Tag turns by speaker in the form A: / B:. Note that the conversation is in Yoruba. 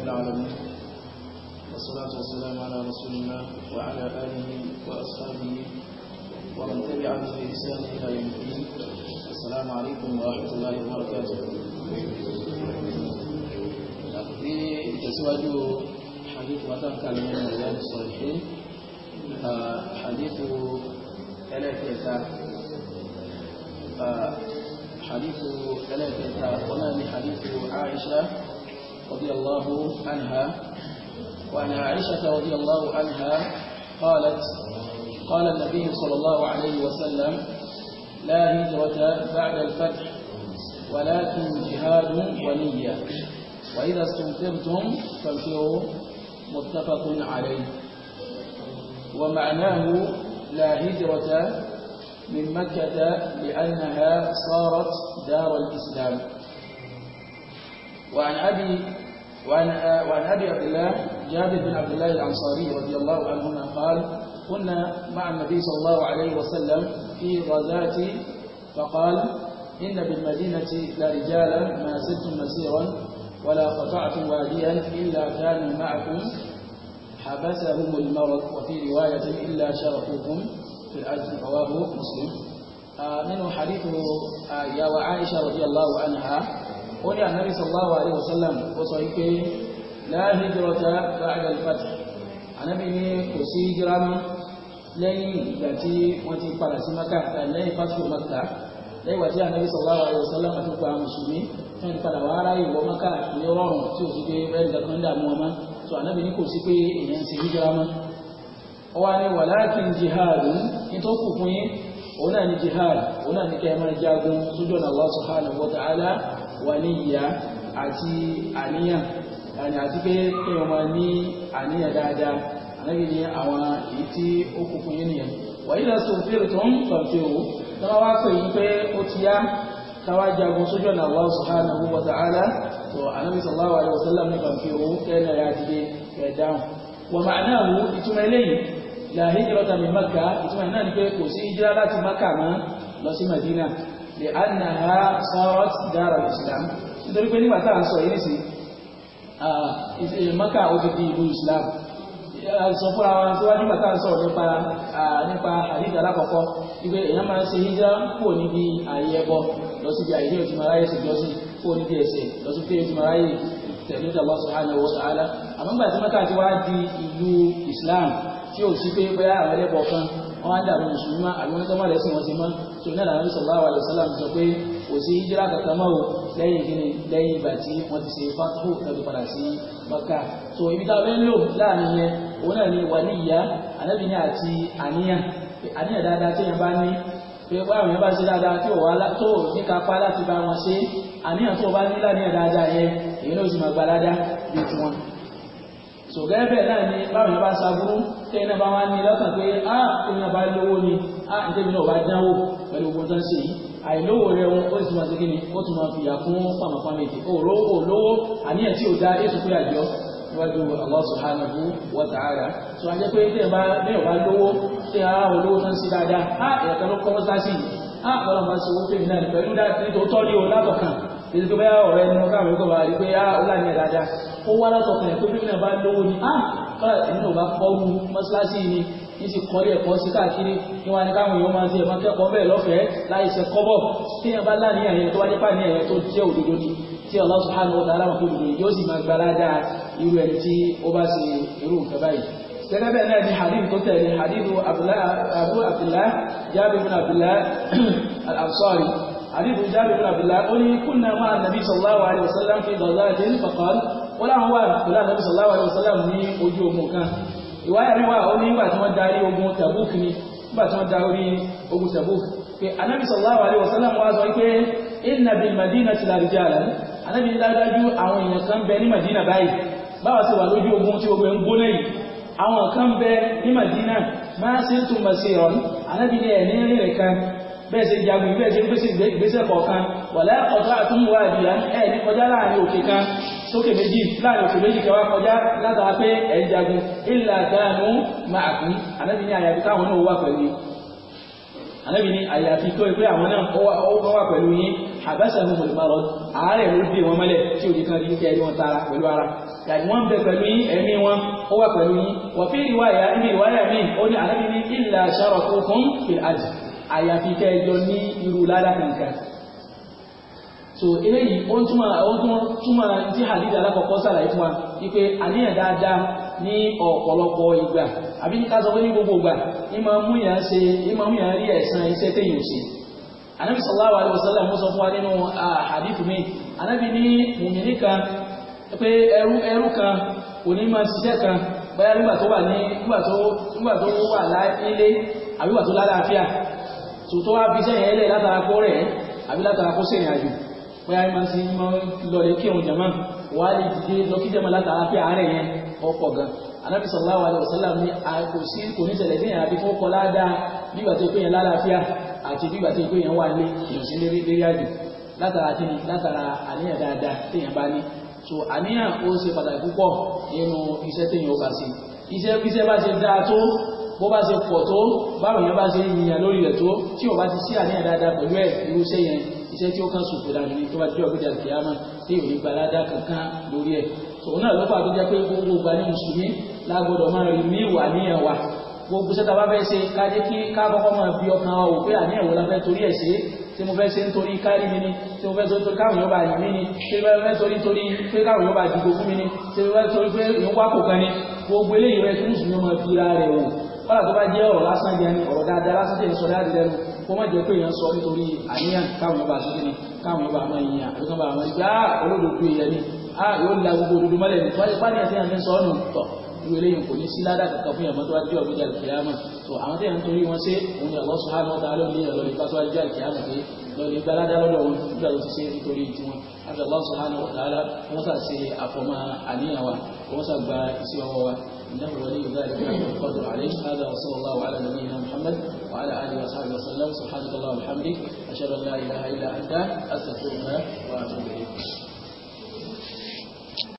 A: رب العالمين والصلاة والسلام على رسول الله وعلى آله وأصحابه ومن تبعهم بإحسان إلى يوم الدين السلام عليكم ورحمة الله وبركاته ini sesuatu hadis matan kalimat dalam sahih ah, hadis ẹlẹ́kẹta ah, hadis ẹlẹ́kẹta wọn ni hadis عائشة رضي الله عنها وعن عائشة رضي الله عنها قالت قال النبي صلى الله عليه وسلم لا هجرة بعد الفتح ولكن جهاد ونية وإذا استنفرتم فانفروا متفق عليه ومعناه لا هجرة من مكة لأنها صارت دار الإسلام وعن أبي وعن وعن ابي عبد الله جابر بن عبد الله الانصاري رضي الله عنهما قال كنا مع النبي صلى الله عليه وسلم في غزاة فقال إن بالمدينة لرجالا ما سرتم مسيرا ولا قطعتم واديا إلا كان معكم حبسهم المرض وفي رواية إلا شرفوكم في الأجر رواه مسلم آه، منه حديث آه، يا وعائشة رضي الله عنها ó ní ànábì sallallahu alaihi wasallam ó sọ wípé la hijrata ba'da al-fath ànábì ní kò sí hijira mọ́ lẹ́yìn ìgbà tí wọ́n ti padà sí maka eh, lẹ́yìn fásitì maka lẹ́yìn wàtí ànábì sallallahu alaihi wasallam àti gba mùsùlùmí fún ìpadà wà ara ìwọ maka ní rọrùn tí ò sí pé bẹ́ẹ̀ nǹkan kan dààmú ọmọ tó ànábì ní kò sí pé èèyàn ti hijira mọ́ ó wá ní wàlákin jihadun jihad òun náà ní kẹ́ ẹ máa jagun sójú ọ̀nà Allah subhanahu wà ní ìyá àti àníyàn yàní àti pé kí ọmọ ní àníyàn dáadáa ànábì ní àwọn èyí tí ó kún fún yín nìyẹn wàyí náà sọ fèrè tó ń fàfẹ́ o táwa wá pè yín pé ó Allah subhanahu wa ta'ala tó ànábì sallallahu alaihi wasallam ní fàfẹ́ o kẹ́ẹ̀nà yá ti dé kẹ́ẹ̀ dáhùn wà ma'nahu ìtumọ̀ eléyìí la hijrata min Makkah ìtumọ̀ náà ni pé kò sí hijira láti Makkah mọ́ lọ sí Madina Di ánà ha sọ́rọ̀ islam nítorí pé nígbà tá à ń sọ yìí sí mọ́kà ó di ìlú islam sọ fúnra wa síwájú bàtà ń sọ̀rọ̀ nípa nípa àdìgbà alákọ̀ọ́kọ́ ìgbé èèyàn máa ń ṣe hijira kúrò níbi ààyè ẹbọ lọ síbi ààyè òtún mara ayé ṣèjọsí kúrò níbi ẹsẹ̀ lọ síbi òtún mara ayé tẹ̀lé Allah subhanahu wa ta'ala àmọ́ gbàtí mọ́kà ti wá di ìlú islam tí ò sí pé bóyá àwọn ẹlẹ́bọ̀ kan wọ́n á dàrú mùsùlùmí àwọn tó má lẹ́sìn wọn ti mọ́ tó ní àlàyé sallallahu alaihi wasallam sọ pé kò sí hijira kankan mọ́ o lẹ́yìn kíni lẹ́yìn ìgbà tí wọ́n ti ṣe fatuhu lọ́dún padà sí mọ́kà tó ibi tá a fẹ́ ń lò láàrin yẹn òun náà ni wàlíyà ànábì ní àti àníyàn àníyàn dáadáa tí yẹn bá ní pé báwọn yẹn bá ṣe dáadáa tí òwà tó ní kápá láti bá wọn ṣe àníyàn tó bá ní láníyàn dáadáa yẹn so gẹ́gẹ́ náà ni báwọn yẹn bá ṣàbúrú tẹ́yìn náà bá wá ní lọ́kàn pé á tẹ́yìn náà bá lówó ni á ìtẹ́yìn náà bá dánwò pẹ̀lú ogun tó ń ṣe yìí àìlówó rẹ wọn ó sì máa ṣe kíni ó tún máa fìyà fún pàmòpàmò ètò òróró lówó àníyàn tí ò dá èso pé àjọ níwájú Allah subhanahu wa ta'ala so a jẹ́ pé tẹ́yìn bá bẹ́ẹ̀ bá lówó tẹ́yìn á olówó tó ń ṣe dáadáa á ẹ̀ka ló kọ́ mọ́sáàsì á ọlọ́mọ èdè tó báyà ọ̀rẹ́ ni wọ́n káàmì kọ́ bá rí pé á ah, ó láàyè dáadáa ó wá látọkùnrin tó bímọ bá lówó ni á kọ́lá èmi náà bá fọ́ọ̀rù mọ́ṣáláṣí ni ní ti kọ́lé ẹ̀kọ́ sí káàkiri ní wọn ni káwọn èèyàn máa ti ẹ̀fọn kẹ́kọ̀ọ́ bẹ́ẹ̀ lọ́fẹ̀ẹ́ láì ṣe kọ́bọ̀ tí yẹn náà ni hadith tó tẹ̀lé hadith abu abdullah jabir bin abdullah al-ansari àdìbò jáde bin abdullahi ó ní kúnnà máa nàbí sallallahu alaihi wasallam fi dọ̀lá àti ní fàkàn ó láwọn wà pẹ̀lú ànàbí sallallahu alaihi wasallam ní ojú ogun kan ìwáyà mi wà ó ní nígbà tí wọ́n darí ogun tabuk ni nígbà tí wọ́n darí ogun tabuk pé ànàbí sallallahu alaihi wasallam wá sọ pé inna bil madina ti larijalan ànàbí dájú àwọn èèyàn kan bẹ ní madina báyìí báwa sì wà lójú ogun tí ogun ń gbóná yìí àwọn kan bẹ ní madina máa ṣe ń tún masirun ànàbí ní ẹ̀ ní rìn bẹ́ẹ̀ ṣe jagun bẹ́ẹ̀ ṣe gbèsè ìgbésẹ̀ kọ̀ọ̀kan wala qata'tum wadiyan ẹ̀ ní kọjá láàrin òkè kan sókè méjì láàrin òkè méjì kẹwàá kọjá látara pé ẹ̀ ń jagun illa kanu ma'akum ànábì ní àyàfi táwọn náà wà pẹ̀lú yín ànábì ní àyàfi tó pé àwọn náà ó wà pẹ̀lú yín habasahumul marad àárẹ̀ ló dé wọn mọ́lẹ̀ tí òjì kan rí kẹ́ẹ̀rí wọn tara pẹ̀lú ara yàtí wọ́n bẹ pẹ̀lú yín ẹ̀mí wọn ó wà pẹ̀lú yín wa fi riwaya níbi ìwáyà míì ó ní ànábì ní illa sharakukum fil ard àyàfi kẹ́ ẹ jọ ní irú ládà kankan so eléyìí ó ń túmọ̀ ó ń túmọ̀ tí hadith alákọ̀ọ́kọ́ sàlàyé fún wa wípé àníyàn dáadáa ní ọ̀pọ̀lọpọ̀ ìgbà àbí ká sọ pé ní gbogbo ìgbà ní ṣe anabi sọ fún anabi ní mùmìnì kan kan kò kan nígbà tó wà ní nígbà tó sòtọ́ wá bí sẹ́yìn ẹlẹ́ látara kó rẹ̀ àbí látara kó sẹ́yìn àjò bóyá ẹ máa ṣe ní máa lọlé kí òun jàmá wà á lè dìde lọ kí jàmá látara pé àárẹ̀ yẹn ọ̀pọ̀ gan anábì sallallahu alaihi wasallam ní kò sí kò ní ṣẹlẹ̀ sẹ́yìn àbí fún kọlá dáa nígbà tó pé yẹn lálàáfíà àti nígbà tó pé yẹn wà lé ìyọ̀sí lérí àjò látara kí látara àníyàn dáadáa téèyàn bá ní so àníyàn ó ṣe pàtàkì púpọ̀ nínú iṣẹ́ téèyàn ó bá ṣe iṣẹ́ bí bá ṣe dáa tó bó bá ṣe pọ̀ tó báwọn yẹn bá ṣe yìnyàn lórí rẹ̀ tó tí ò bá ti sí àníyàn dáadáa pẹ̀lú ẹ̀ irú iṣẹ́ yẹn iṣẹ́ tí ó kàn sùn kò dànù ní tó bá dé ọ̀gbẹ́jà kìámà tí ò ní gbalada kankan lórí ẹ̀ tòun náà lọ́pàá tó jẹ́ pé gbogbo gba ní mùsùlùmí lágbọ́dọ̀ máa rí mí wà níyàn wà gbogbo sẹ́ta bá fẹ́ ṣe kájé kí káàkọ́kọ́ máa fi ọkàn wa wò pé àníyàn wo la fẹ́ torí ẹ̀ ṣe tí mo fẹ́ ṣe nítorí kárí mi ni tí mo fẹ́ ṣe nítorí káwọn yóò bá yìn mí ni tí mo fẹ́ ṣe nítorí pé káwọn yóò bá dìbò fún mi ni tí mo fẹ́ ṣe nítorí pé ìyókù àpò kan ni gbogbo eléyìí rẹ̀ tó mùsùlùmí máa fi ra rẹ̀ wò kọ́lá tó bá jẹ́ ọ̀rọ̀ lásán jẹ́ ọ̀rọ̀ dáadáa lásán jẹ́ ìsọ̀rọ̀ láti lẹ́nu kó má jẹ́ pé èèyàn sọ nítorí àníyàn káwọn ọba àti kíni káwọn ọba àmọ́ ìyìn àti káwọn àmọ́ ìgbà ah, olódodo ìyẹn ni a ah, yóò la gbogbo òdodo mọ́lẹ̀ ní tó wáyé pàdé àti àti sọ ọ́nù tọ̀ irú eléyìí kò ní sí ládà kankan fún ìyàmọ́ tó wá jẹ́ ọ̀gbẹ́ jà kìyàmà tó àwọn tẹ̀yà ń torí wọn ṣe òun yàgbọ́ sọ hàn lọ́ta lọ́ọ̀ ní ìrọ̀lẹ́ ìfásọ́wájú jà pé lọ́ọ̀ ní gbaládá lọ́dọ̀ wọn nígbà tó ti ṣe nítorí tiwọn àti Allah subhanahu wa ta'ala wọ́n sà ṣe àfọmọ́ àníyàn wa wọ́n sà gba iṣẹ́ ọwọ́ wa إنه ولي ذلك والقدر عليه هذا وصلى الله على نبينا محمد وعلى آله وصحبه وسلم سبحانك اللهم وبحمدك أشهد أن لا إله إلا أنت أستغفرك وأتوب إليك